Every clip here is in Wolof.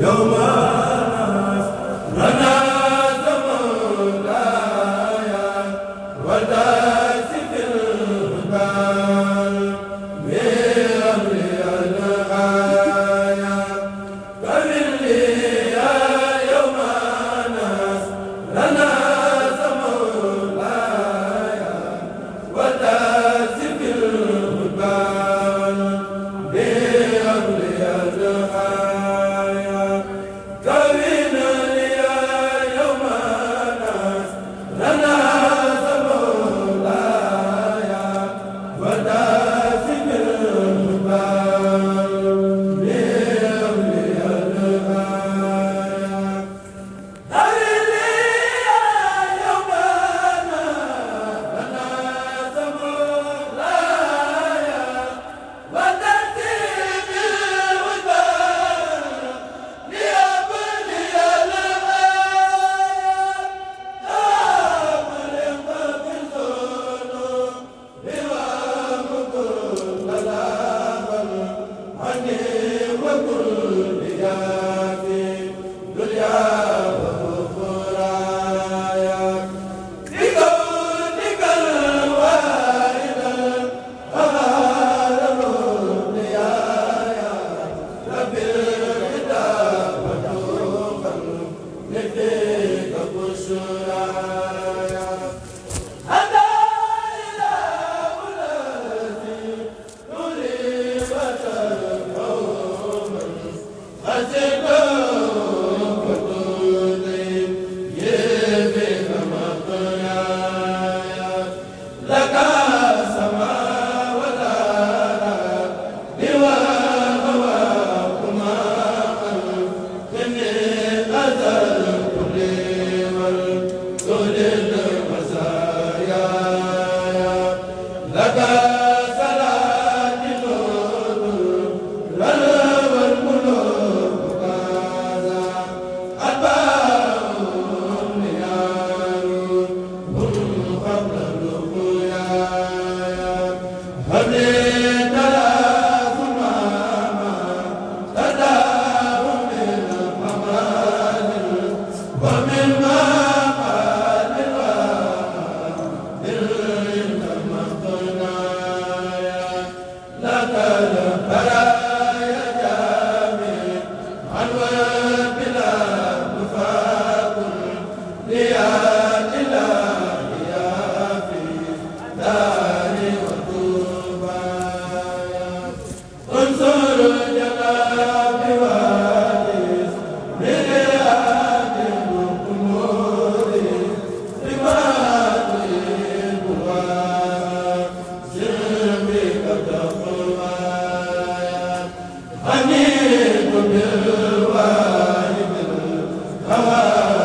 يوم wa min waaw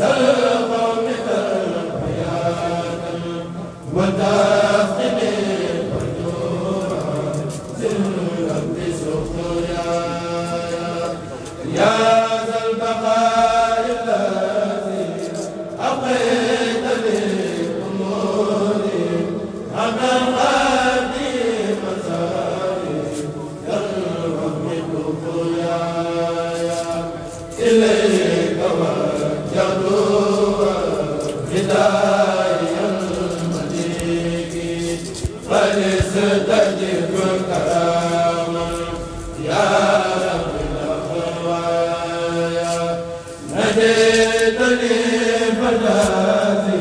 سلطان هديتني فتاتي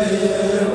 Amen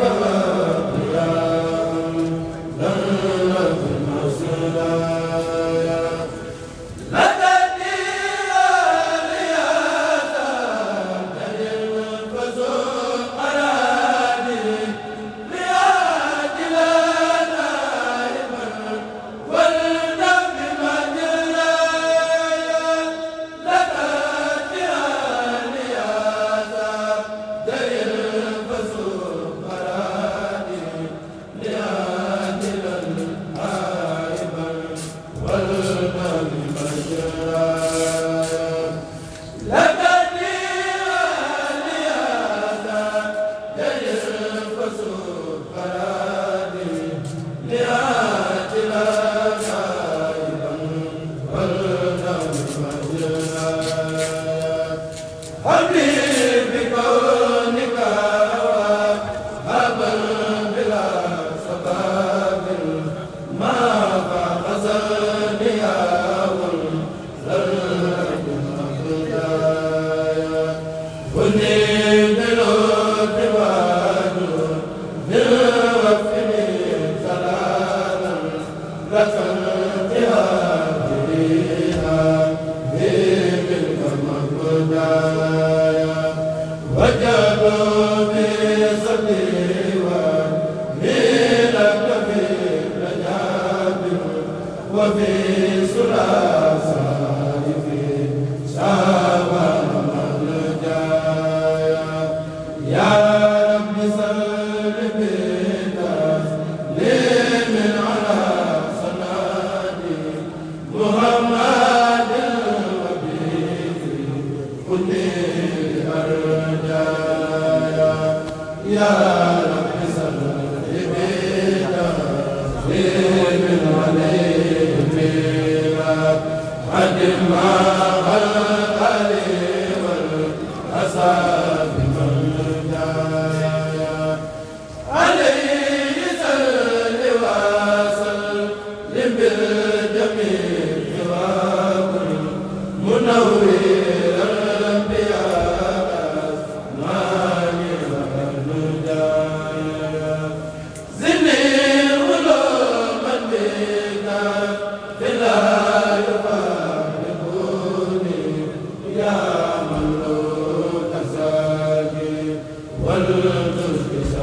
أدم على الألي والأصحاب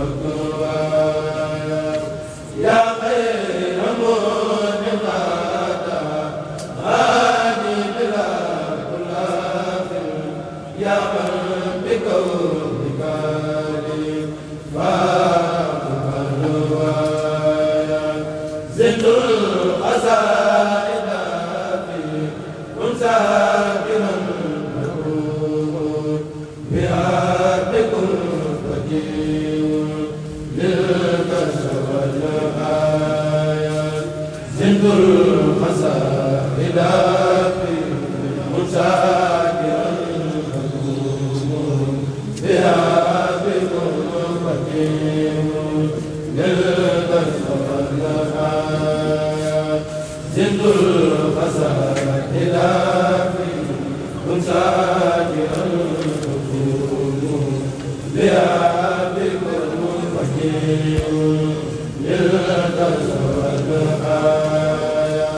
akbar